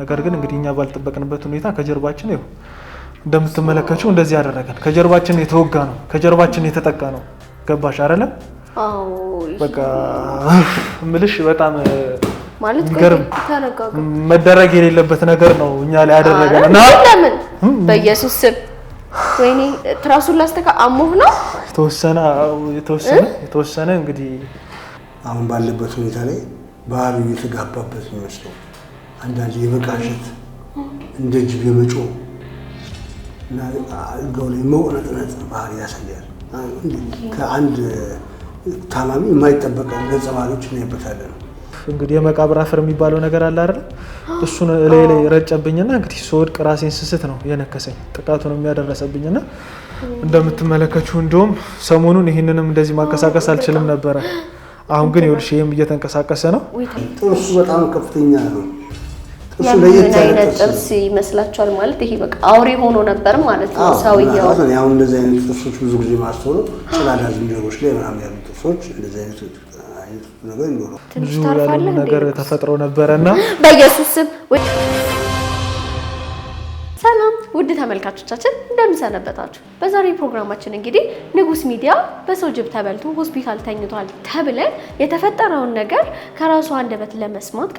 ነገር ግን እንግዲህ እኛ ባልጠበቅንበት ሁኔታ ከጀርባችን ይኸው እንደምትመለከችው እንደዚህ ያደረገን ከጀርባችን የተወጋ ነው፣ ከጀርባችን የተጠቃ ነው። ገባሽ አይደለ? በቃ ምልሽ በጣም ማለት መደረግ የሌለበት ነገር ነው እኛ ላይ ያደረገን ለምን በኢየሱስ ስም ወይኔ ትራሱን ላስተካ አሞህ ነው የተወሰነ የተወሰነ የተወሰነ እንግዲህ አሁን ባለበት ሁኔታ ላይ ባህሉ እየተጋባበት ነው የሚመስለው አንዳንድ የመቃሸት እንደ ጅብ የመጮ እና አልጋው ባህሪ ያሳያል። ከአንድ ታማሚ የማይጠበቅ ገጸ ባህሪዎች እናይበታለን። እንግዲህ የመቃብር አፈር የሚባለው ነገር አለ አይደል? እሱን ላይ ላይ ረጨብኝና እንግዲህ ስወድቅ ራሴን ስስት ነው የነከሰኝ ጥቃቱን የሚያደረሰብኝና እንደምትመለከችው እንደውም ሰሞኑን ይህንንም እንደዚህ ማንቀሳቀስ አልችልም ነበረ። አሁን ግን ይኸውልሽ ይህም እየተንቀሳቀሰ ነው። ጥርሱ በጣም ከፍተኛ ነው። ምን አይነት ጥርስ ይመስላችኋል? ማለት ይሄ በቃ አውሬ ሆኖ ነበር ማለት ነው ሰውየው። አሁን እንደዚህ አይነት ጥርሶች ብዙ ጊዜ ማስተውለው ጭላዳ ዝንጀሮች ላይ ምናምን ያሉ ጥርሶች እንደዚህ አይነት ብዙ ያሉ ነገር ተፈጥሮ ነበረና በኢየሱስ ስም ሰላም ውድ ተመልካቾቻችን እንደምንሰነበታችሁ። በዛሬ ፕሮግራማችን እንግዲህ ንጉስ ሚዲያ በሰው ጅብ ተበልቶ ሆስፒታል ተኝቷል ተብለን የተፈጠረውን ነገር ከራሱ አንደበት ለመስማት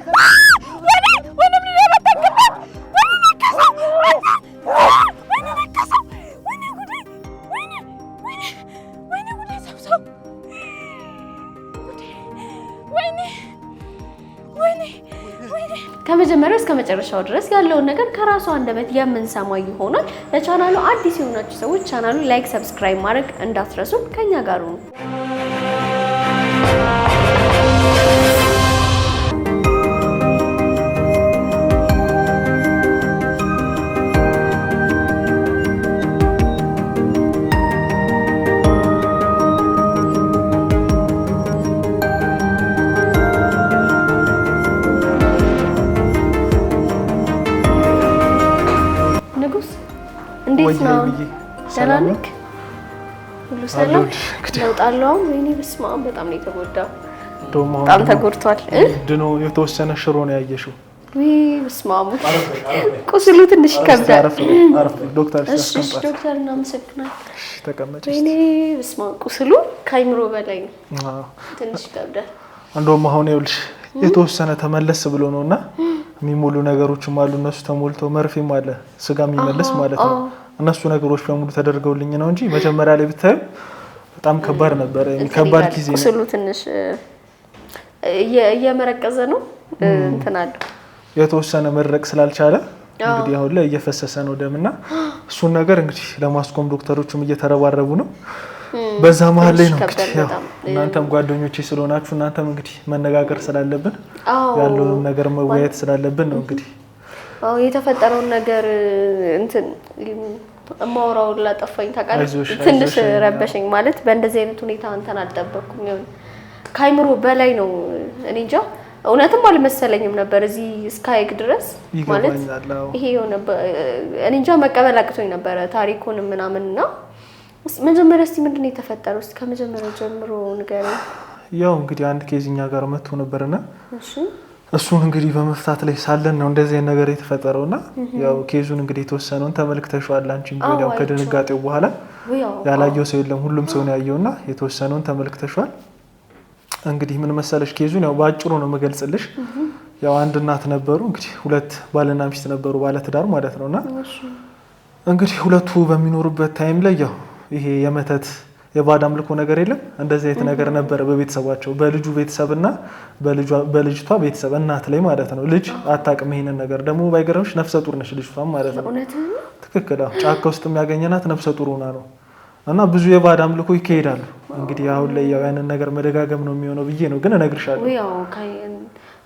እስከ መጨረሻው ድረስ ያለውን ነገር ከራሷ አንደበት የምንሰማ ይሆናል። ለቻናሉ አዲስ የሆናችሁ ሰዎች ቻናሉ ላይክ፣ ሰብስክራይብ ማድረግ እንዳትረሱም። ከኛ ጋር ሁኑ። እንዴት ነው? ደህና ነህ? ሁሉ ሰላም ለውጣለው። ወይኔ በስመ አብ በጣም ነው የተጎዳው። በጣም ተጎድቷል። ድኖ የተወሰነ ሽሮ ነው ያየሽው። ውይ በስመ አብ ቁስሉ ትንሽ ይከብዳል። ዶክተር እናመሰግናለን። ተቀመጭ። ወይኔ በስመ አብ ቁስሉ ከአይምሮ በላይ ነው። ትንሽ ይከብዳል። እንደውም አሁን ይኸውልሽ የተወሰነ ተመለስ ብሎ ነው እና የሚሞሉ ነገሮችም አሉ። እነሱ ተሞልተው መርፌም አለ ስጋ የሚመለስ ማለት ነው እነሱ ነገሮች በሙሉ ተደርገውልኝ ነው እንጂ መጀመሪያ ላይ ብታዩ በጣም ከባድ ነበረ። ከባድ ጊዜ ቁስሉ ትንሽ እየመረቀዘ ነው እንትን አለ የተወሰነ መድረቅ ስላልቻለ እንግዲህ አሁን ላይ እየፈሰሰ ነው ደምና፣ እሱን ነገር እንግዲህ ለማስቆም ዶክተሮቹም እየተረባረቡ ነው። በዛ መሀል ላይ ነው እንግዲህ ያው እናንተም ጓደኞቼ ስለሆናችሁ እናንተም እንግዲህ መነጋገር ስላለብን ያለውንም ነገር መወያየት ስላለብን ነው እንግዲህ የተፈጠረውን ነገር እንትን እማወራውን ላጠፋኝ ታውቃለህ። ትንሽ ረበሸኝ ማለት በእንደዚህ አይነት ሁኔታ እንትን አልጠበቅኩም። ይሁን ከአይምሮ በላይ ነው። እኔ እንጃ እውነትም አልመሰለኝም ነበር እዚህ እስከ ድረስ ማለት ይሄ የሆነ እኔ እንጃ መቀበል አቅቶኝ ነበረ ታሪኩን ምናምን እና መጀመሪያ እስኪ ምንድን ነው የተፈጠረው? እስኪ ከመጀመሪያው ጀምሮ ንገረኝ። ያው እንግዲህ አንድ ኬዝ ጋር መጥቶ ነበርና እሺ እሱን እንግዲህ በመፍታት ላይ ሳለን ነው እንደዚህ ነገር የተፈጠረው እና ያው ኬዙን እንግዲህ የተወሰነውን ተመልክተሽዋል። አንቺ ያው ከድንጋጤው በኋላ ያላየው ሰው የለም፣ ሁሉም ሰው ነው ያየው እና የተወሰነውን ተመልክተሽዋል። እንግዲህ ምን መሰለሽ ኬዙን ያው በአጭሩ ነው የምገልጽልሽ። ያው አንድ እናት ነበሩ እንግዲህ ሁለት ባልና ሚስት ነበሩ፣ ባለትዳር ማለት ነው እና እንግዲህ ሁለቱ በሚኖሩበት ታይም ላይ ያው ይሄ የመተት የባዕድ አምልኮ ነገር የለም። እንደዚህ አይነት ነገር ነበረ በቤተሰባቸው በልጁ ቤተሰብና በልጅቷ ቤተሰብ እናት ላይ ማለት ነው። ልጅ አታውቅም ይሄንን ነገር ደግሞ ባይገርምሽ ነፍሰ ጡር ነች ልጅቷ ማለት ነው። ትክክል። ጫካ ውስጥ የሚያገኘናት ነፍሰ ጡር ሆና ነው። እና ብዙ የባዕድ አምልኮ ይካሄዳሉ። እንግዲህ አሁን ላይ ያው ያንን ነገር መደጋገም ነው የሚሆነው ብዬ ነው ግን እነግርሻለሁ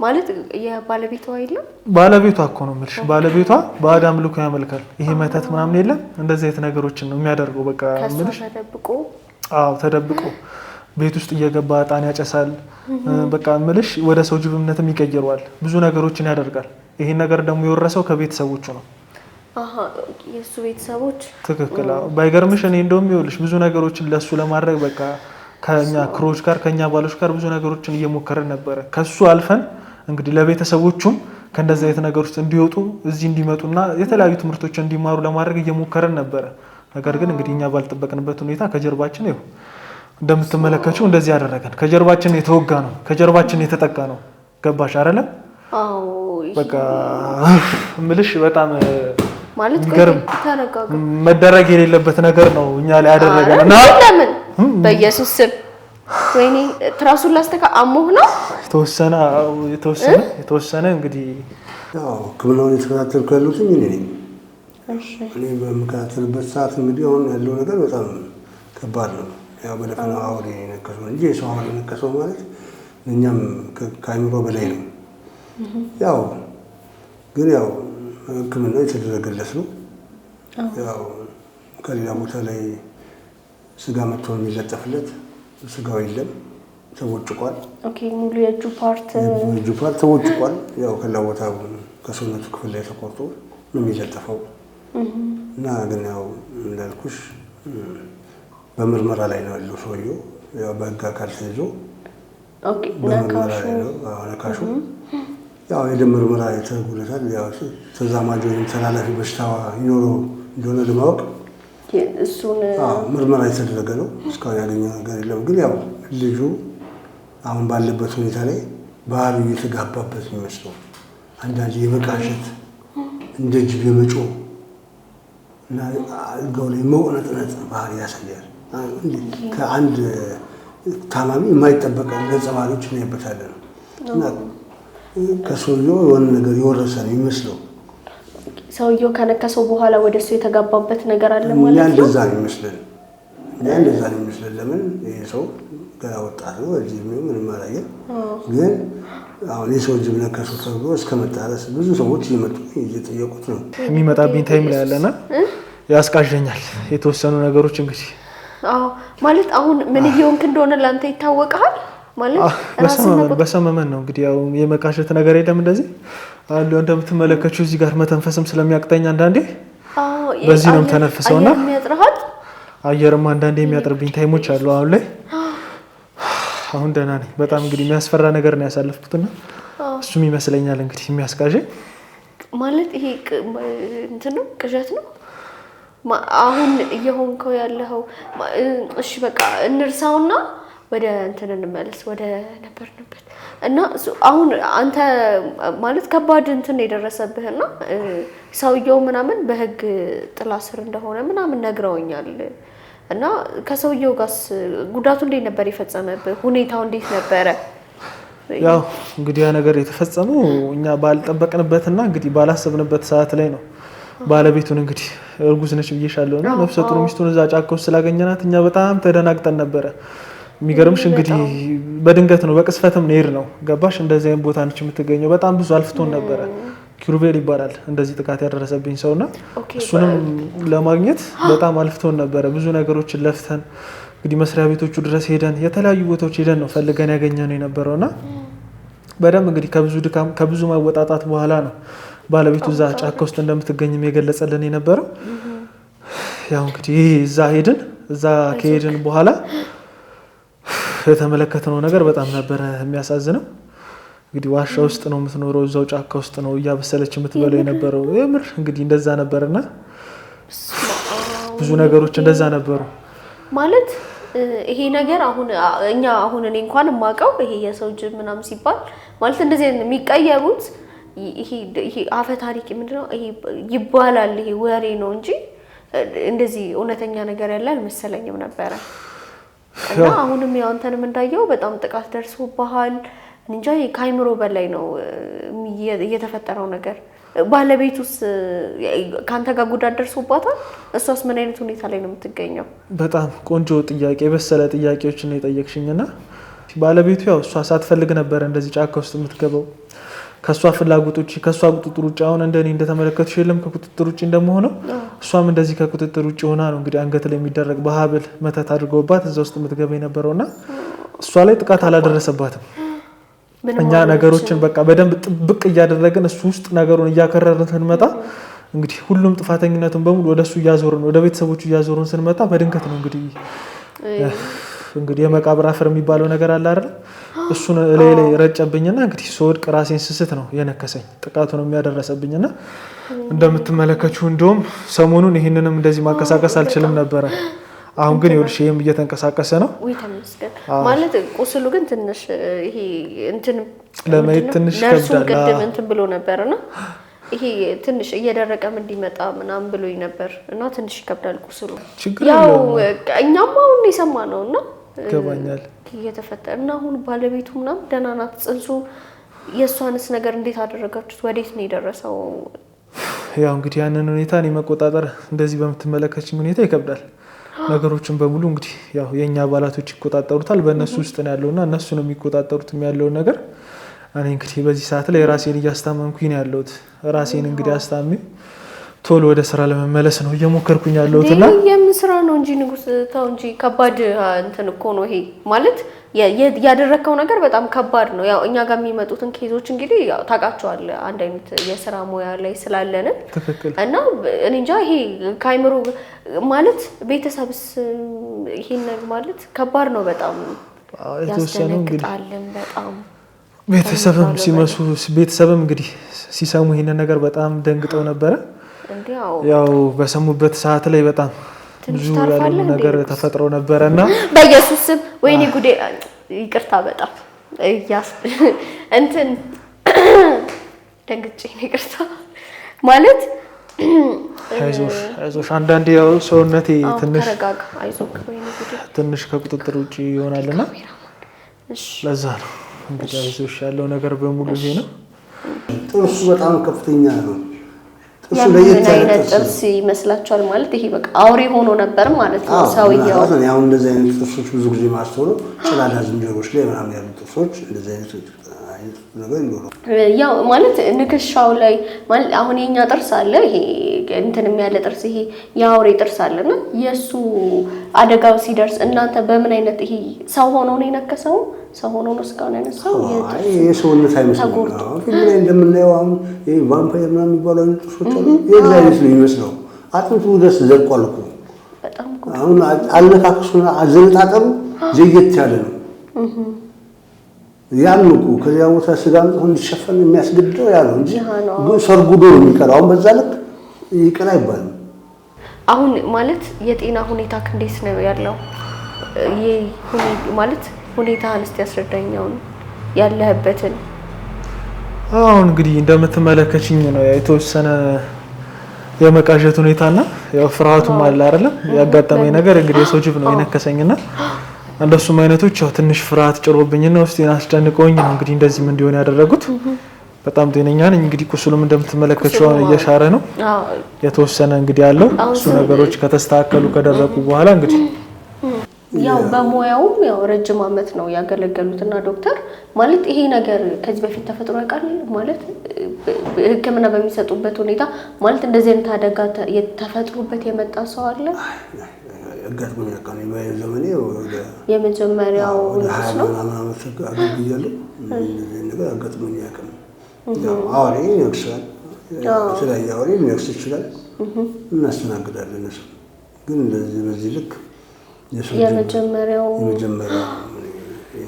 ማለት የባለቤቷ የለም ባለቤቷ እኮ ነው የምልሽ። ባለቤቷ ባዕድ አምልኮ ያመልካል። ይሄ መተት ምናምን የለም። እንደዚህ አይነት ነገሮችን ነው የሚያደርገው። በቃ ምልሽ ተደብቆ አዎ ተደብቆ ቤት ውስጥ እየገባ እጣን ያጨሳል። በቃ ምልሽ ወደ ሰው ጅብነትም ይቀይረዋል። ብዙ ነገሮችን ያደርጋል። ይሄን ነገር ደግሞ የወረሰው ከቤተሰቦቹ ነው። የእሱ ቤተሰቦች ትክክል። ባይገርምሽ እኔ እንደውም ይኸውልሽ ብዙ ነገሮችን ለእሱ ለማድረግ በቃ ከኛ ክሮች ጋር ከኛ ባሎች ጋር ብዙ ነገሮችን እየሞከርን ነበረ። ከሱ አልፈን እንግዲህ ለቤተሰቦቹም ከእንደዚህ አይነት ነገር ውስጥ እንዲወጡ እዚህ እንዲመጡና የተለያዩ ትምህርቶች እንዲማሩ ለማድረግ እየሞከርን ነበረ። ነገር ግን እንግዲህ እኛ ባልጠበቅንበት ሁኔታ ከጀርባችን ይኸው እንደምትመለከችው እንደዚህ ያደረገን ከጀርባችን የተወጋ ነው፣ ከጀርባችን የተጠቃ ነው። ገባሽ አይደለ? በቃ ምልሽ በጣም ማለት መደረግ የሌለበት ነገር ነው እኛ ላይ ያደረገን ለምን በኢየሱስ ስም ወይኔ ትራሱን ላስተካ አሞህ ነው የተወሰነ የተወሰነ እንግዲህ ያው ሕክምናውን የተከታተልኩ ያሉትኝ እኔ ነኝ። እኔ በምከታተልበት ሰዓት እንግዲህ አሁን ያለው ነገር በጣም ከባድ ነው። ያው በደፈና አውሬ የነከሰው እንጂ የሰው አውሪ የነከሰው ማለት እኛም ከአይምሮ በላይ ነው። ያው ግን ያው ሕክምና የተደረገለት ነው። ያው ከሌላ ቦታ ላይ ስጋ መጥቶ የሚለጠፍለት ስጋው የለም፣ ተቦጭቋል። ሙሉ የእጁ ፓርት ተቦጭቋል። ያው ከላ ቦታ ከሰውነቱ ክፍል ላይ ተቆርጦ ነው የሚለጠፈው። እና ግን ያው እንዳልኩሽ በምርመራ ላይ ነው ያለው ሰውየው፣ ያው በህግ አካል ተይዞ በምርመራ ላይ ነው። ነካሹ ያው የደም ምርመራ የተጉለታል። ተዛማጅ ወይም ተላላፊ በሽታ ይኖረው እንደሆነ ለማወቅ ምርመራ የተደረገ ነው። እስካሁን ያገኘው ነገር የለም። ግን ያው ልጁ አሁን ባለበት ሁኔታ ላይ ባህሉ እየተጋባበት የሚመስለው አንዳንድ የመቃሸት እንደ ጅብ የመጮህ እና አልጋው ላይ መቁነጥነጥ ባህሪ ያሳያል። ከአንድ ታማሚ የማይጠበቅ ገጸ ባህሪዎች እናይበታለን። ከሰውየው የሆነ ነገር የወረሰ ነው የሚመስለው። ሰውየው ከነከሰው በኋላ ወደ እሱ የተጋባበት ነገር አለ ማለት ነው። እንደዛ ነው ይመስለን እኛ እንደዛ ነው ይመስለን። ለምን ይህ ሰው ገና ወጣት ነው፣ በዚህ ምንም አላየም። ግን አሁን የሰው ጅብ ነከሱ ተብሎ እስከ ብዙ ሰዎች እየመጡ እየጠየቁት ነው። የሚመጣብኝ ታይም ላይ ያለና ያስቃዣኛል። የተወሰኑ ነገሮች እንግዲህ አዎ፣ ማለት አሁን ምን እየሆንክ እንደሆነ ለአንተ ይታወቃል። ማለት በሰመመን ነው እንግዲህ ያው የመቃሸት ነገር የለም። እንደዚህ አሉ እንደምትመለከቹ እዚህ ጋር መተንፈስም ስለሚያቅጠኝ አንዳንዴ በዚህ ነው የምተነፍሰው እና አየርም አንዳንዴ የሚያጥርብኝ ታይሞች አሉ። አሁን ላይ አሁን ደህና ነኝ። በጣም እንግዲህ የሚያስፈራ ነገር ነው ያሳለፍኩትና እሱም ይመስለኛል እንግዲህ የሚያስቃዥኝ ማለት ይሄ እንትን ነው ቅዠት ነው አሁን እየሆንከው ያለኸው እሺ በቃ እንርሳውና ወደ እንትን እንመለስ ወደ ነበርንበት እና አሁን አንተ ማለት ከባድ እንትን የደረሰብህና ሰውየው ምናምን በህግ ጥላ ስር እንደሆነ ምናምን ነግረውኛል። እና ከሰውየው ጋርስ ጉዳቱ እንዴት ነበር የፈጸመብህ? ሁኔታው እንዴት ነበረ? ያው እንግዲህ ያ ነገር የተፈጸመው እኛ ባልጠበቅንበትና እንግዲህ ባላሰብንበት ሰዓት ላይ ነው። ባለቤቱን እንግዲህ እርጉዝ ነች ብዬሻለሁ እና ነፍሰ ጡር ሚስቱን እዛ ጫካ ውስጥ ስላገኘናት እኛ በጣም ተደናግጠን ነበረ። የሚገርምሽ እንግዲህ በድንገት ነው በቅስፈትም ነይር ነው ገባሽ። እንደዚህ አይነት ቦታ ነች የምትገኘው። በጣም ብዙ አልፍቶን ነበረ። ኪሩቤል ይባላል እንደዚህ ጥቃት ያደረሰብኝ ሰውና እሱንም ለማግኘት በጣም አልፍቶን ነበረ። ብዙ ነገሮችን ለፍተን እንግዲህ መስሪያ ቤቶቹ ድረስ ሄደን የተለያዩ ቦታዎች ሄደን ነው ፈልገን ያገኘ ነው የነበረውና በደንብ እንግዲህ ከብዙ ድካም ከብዙ ማወጣጣት በኋላ ነው ባለቤቱ እዛ ጫካ ውስጥ እንደምትገኝም የገለጸልን የነበረው። ያው እንግዲህ እዛ ሄድን። እዛ ከሄድን በኋላ የተመለከትነው ነገር በጣም ነበረ የሚያሳዝነው። እንግዲህ ዋሻ ውስጥ ነው የምትኖረው፣ እዛው ጫካ ውስጥ ነው እያበሰለች የምትበለው የነበረው። የምር እንግዲህ እንደዛ ነበርና ብዙ ነገሮች እንደዛ ነበሩ ማለት ይሄ ነገር አሁን እኛ አሁን እኔ እንኳን የማውቀው ይሄ የሰው እጅ ምናምን ሲባል ማለት እንደዚህ የሚቀየሩት ይሄ አፈ ታሪክ ምንድነው? ይሄ ይባላል፣ ይሄ ወሬ ነው እንጂ እንደዚህ እውነተኛ ነገር ያለ አልመሰለኝም ነበረ። እና አሁንም ያው አንተንም እንዳየው በጣም ጥቃት ደርሶብሃል። እንጃ ከአይምሮ በላይ ነው የተፈጠረው ነገር። ባለቤቱስ ከአንተ ጋር ጉዳት ደርሶባታል? እሷስ ምን አይነት ሁኔታ ላይ ነው የምትገኘው? በጣም ቆንጆ ጥያቄ፣ የበሰለ ጥያቄዎችን ነው የጠየቅሽኝ። እና ባለቤቱ ያው እሷ ሳትፈልግ ነበረ እንደዚህ ጫካ ውስጥ የምትገባው ከእሷ ፍላጎት ውጭ ከእሷ ቁጥጥር ውጭ አሁን እንደኔ እንደተመለከትሽ የለም ከቁጥጥር ውጭ እንደመሆነው እሷም እንደዚህ ከቁጥጥር ውጭ ሆና ነው እንግዲህ አንገት ላይ የሚደረግ በሀብል መተት አድርገውባት እዛ ውስጥ የምትገባ እና እሷ ላይ ጥቃት አላደረሰባትም። እኛ ነገሮችን በቃ በደንብ ጥብቅ እያደረግን እሱ ውስጥ ነገሩን እያከረርን ስንመጣ እንግዲህ ሁሉም ጥፋተኝነቱን በሙሉ ወደ እሱ እያዞርን ወደ ቤተሰቦቹ እያዞርን ስንመጣ በድንገት ነው እንግዲህ እንግዲህ የመቃብር አፈር የሚባለው ነገር አለ አይደል? እሱን ላይ ላይ ረጨብኝና እንግዲህ ስወድቅ ራሴን ስስት ነው የነከሰኝ፣ ጥቃቱ ነው የሚያደረሰብኝና እንደምትመለከችው እንደውም ሰሞኑን ይህንንም እንደዚህ ማንቀሳቀስ አልችልም ነበረ። አሁን ግን ይኸውልሽ ይህም እየተንቀሳቀሰ ነው። ማለት ቁስሉ ግን ትንሽ ይሄ እንትን ለማየት ትንሽ ከብዳል። ቅድም እንትን ብሎ ነበር ነበርና ይሄ ትንሽ እየደረቀም እንዲመጣ ምናምን ብሎኝ ነበር እና ትንሽ ይከብዳል ቁስሉ። ያው እኛም አሁን የሰማ ነው እና ይገባኛል እየተፈጠረ እና አሁን ባለቤቱ ምናምን ደህና ናት ጽንሱ የእሷንስ ነገር እንዴት አደረጋችሁት ወዴት ነው የደረሰው ያው እንግዲህ ያንን ሁኔታ እኔ መቆጣጠር እንደዚህ በምትመለከችኝ ሁኔታ ይከብዳል ነገሮችን በሙሉ እንግዲህ ያው የእኛ አባላቶች ይቆጣጠሩታል በእነሱ ውስጥ ነው ያለውና እነሱ ነው የሚቆጣጠሩትም ያለውን ነገር እኔ እንግዲህ በዚህ ሰዓት ላይ ራሴን እያስታመምኩኝ ነው ያለሁት ራሴን እንግዲህ አስታሚ ቶሎ ወደ ስራ ለመመለስ ነው እየሞከርኩኝ ያለሁት እና የምን ስራ ነው እንጂ ንጉስ፣ ተው እንጂ ከባድ እንትን እኮ ነው ይሄ ማለት ያደረከው ነገር በጣም ከባድ ነው። ያው እኛ ጋር የሚመጡትን ኬዞች እንግዲህ ያው ታውቃቸዋለህ፣ አንድ አይነት የስራ ሙያ ላይ ስላለን ትክክል እና እኔ እንጃ ይሄ ከአይምሮ ማለት ቤተሰብስ ይሄን ነገር ማለት ከባድ ነው በጣም ያስደነግጣልን በጣም ቤተሰብም ሲመሱ ቤተሰብም እንግዲህ ሲሰሙ ይሄንን ነገር በጣም ደንግጠው ነበረ። ያው በሰሙበት ሰዓት ላይ በጣም ብዙ ያልሆኑ ነገር ተፈጥሮ ነበረ እና በኢየሱስ ስም ወይኔ ጉዴ ይቅርታ፣ በጣም እያስ እንትን ደንግጬ ይቅርታ ማለት አይዞሽ አይዞሽ። አንዳንዴ ያው ሰውነቴ ትንሽ ትንሽ ከቁጥጥር ውጭ ይሆናልና ለዛ ነው እንግዲህ አይዞሽ ያለው ነገር በሙሉ ይሄ ነው። ጥርሱ በጣም ከፍተኛ ነው። አይነት ጥርስ ይመስላችኋል ማለት ይሄ በቃ አውሬ ሆኖ ነበር ማለት ነው። ሰውየው አሁን እንደዚህ አይነት ጥርሶች ብዙ ጊዜ ማስተውለው ጭላዳ ዝንጀሮች ላይ ምናምን ያሉ ጥርሶች እንደዚህ አይነት ነገር ይኖረው ያው ማለት ንክሻው ላይ ማለት አሁን የኛ ጥርስ አለ ይሄ እንትን የሚያለ ጥርስ ይሄ የአውሬ ጥርስ አለና የእሱ አደጋው ሲደርስ እናንተ በምን አይነት ይሄ ሰው ሆኖ ነው የነከሰው? ሰው ሆኖ ነው እስካሁን ያነሳው? የሰውነት አይመስልም። ፊልም ላይ እንደምናየው አሁን ቫምፓየር ምናምን የሚባሉ አይነት ጥርሶች አሉ። የዛ አይነት ነው የሚመስለው። አጥንቱ ድረስ ዘልቋል እኮ አሁን አለካክሱና አዘነጣጠሉ ዘየት ያለ ነው ያን እኮ ከዚያ ቦታ ስጋ አምጥቶ እንዲሸፈን የሚያስገድደው ያ ነው እንጂ ግን ሰርጉዶ ነው የሚቀረው። አሁን በዛ ልክ ይቅር አይባልም። አሁን ማለት የጤና ሁኔታ እንዴት ነው ያለው? ማለት ሁኔታ እስቲ ያስረዳኝ። ያለህበትን አሁን እንግዲህ እንደምትመለከችኝ ነው የተወሰነ የመቃዠት ሁኔታና ያው ፍርሃቱም አለ አይደለም። ያጋጠመኝ ነገር እንግዲህ የሰው ጅብ ነው የነከሰኝና እንደሱም አይነቶች ያው ትንሽ ፍርሃት ጭሮብኝና ውስጤን አስጨንቀውኝ ነው እንግዲህ እንደዚህም እንዲሆን ያደረጉት። በጣም ጤነኛ ነኝ። እንግዲህ ቁስሉም እንደምትመለከቸው እየሻረ ነው የተወሰነ እንግዲህ ያለው እሱ ነገሮች ከተስተካከሉ ከደረቁ በኋላ እንግዲህ ያው በሙያውም ያው ረጅም ዓመት ነው ያገለገሉትና ዶክተር ማለት ይሄ ነገር ከዚህ በፊት ተፈጥሮ ያውቃል ማለት ሕክምና በሚሰጡበት ሁኔታ ማለት እንደዚህ አይነት አደጋ ተፈጥሮበት የመጣ ሰው አለ? አጋጥሞ ያውቃል። ባይ ዘመኔ የመጀመሪያው ነገር አጋጥሞኝ አያውቅም። አውሬ ይነግሳል፣ የተለያየ አውሬ ሊነግስ ይችላል። እናስተናግዳለን። እነሱ ግን እንደዚህ በዚህ ልክ የመጀመሪያው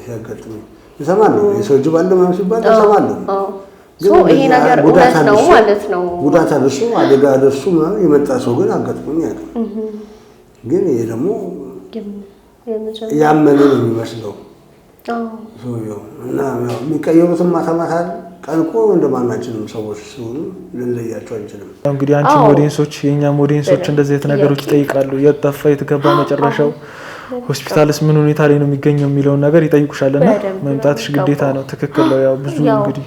ሲያጋጥመኝ እሰማለሁ። የሰው እጅ ባለው ምናምን ሲባል እሰማለሁ። ጉዳት አደርሱ አደጋ አደርሱ ምናምን የመጣ ሰው ግን አጋጥሞኝ አያውቅም። ግን ይሄ ደግሞ ያመነ ነው የሚመስለው ሰውየው እና የሚቀየሩትን ማታ ማታ ቀን እኮ እንደማናችንም ሰዎች ሲሆኑ ልንለያቸው አንችልም። እንግዲህ አንቺ ሞዴንሶች የእኛ ሞዴንሶች እንደዚህ አይነት ነገሮች ይጠይቃሉ። የት ጠፋ የት ገባ መጨረሻው ሆስፒታልስ ምን ሁኔታ ላይ ነው የሚገኘው የሚለውን ነገር ይጠይቁሻል። እና መምጣትሽ ግዴታ ነው። ትክክል ነው። ያው ብዙ እንግዲህ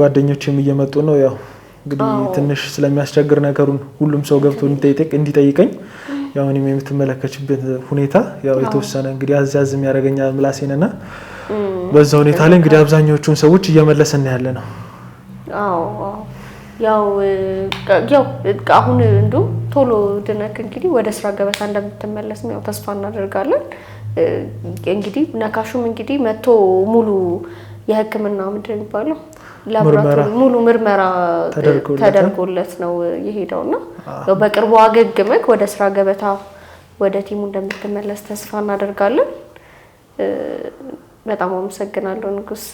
ጓደኞችም እየመጡ ነው። ያው እንግዲህ ትንሽ ስለሚያስቸግር ነገሩን ሁሉም ሰው ገብቶ እንዲጠይቀኝ ያው እኔም የምትመለከችበት ሁኔታ ያው የተወሰነ እንግዲህ አዝያዝም ያዝ የሚያደርገኛ ምላሴንና በዛ ሁኔታ ላይ እንግዲህ አብዛኛዎቹን ሰዎች እየመለስን ያለ ነው። ያው አሁን እንዱ ቶሎ ድነክ እንግዲህ ወደ ስራ ገበታ እንደምትመለስም ያው ተስፋ እናደርጋለን። እንግዲህ ነካሹም እንግዲህ መቶ ሙሉ የህክምና ምንድን የሚባለው ላቦራቶሪ ሙሉ ምርመራ ተደርጎለት ነው የሄደው እና በቅርቡ አገግመህ ወደ ስራ ገበታ ወደ ቲሙ እንደምትመለስ ተስፋ እናደርጋለን። በጣም አመሰግናለሁ ንጉስ።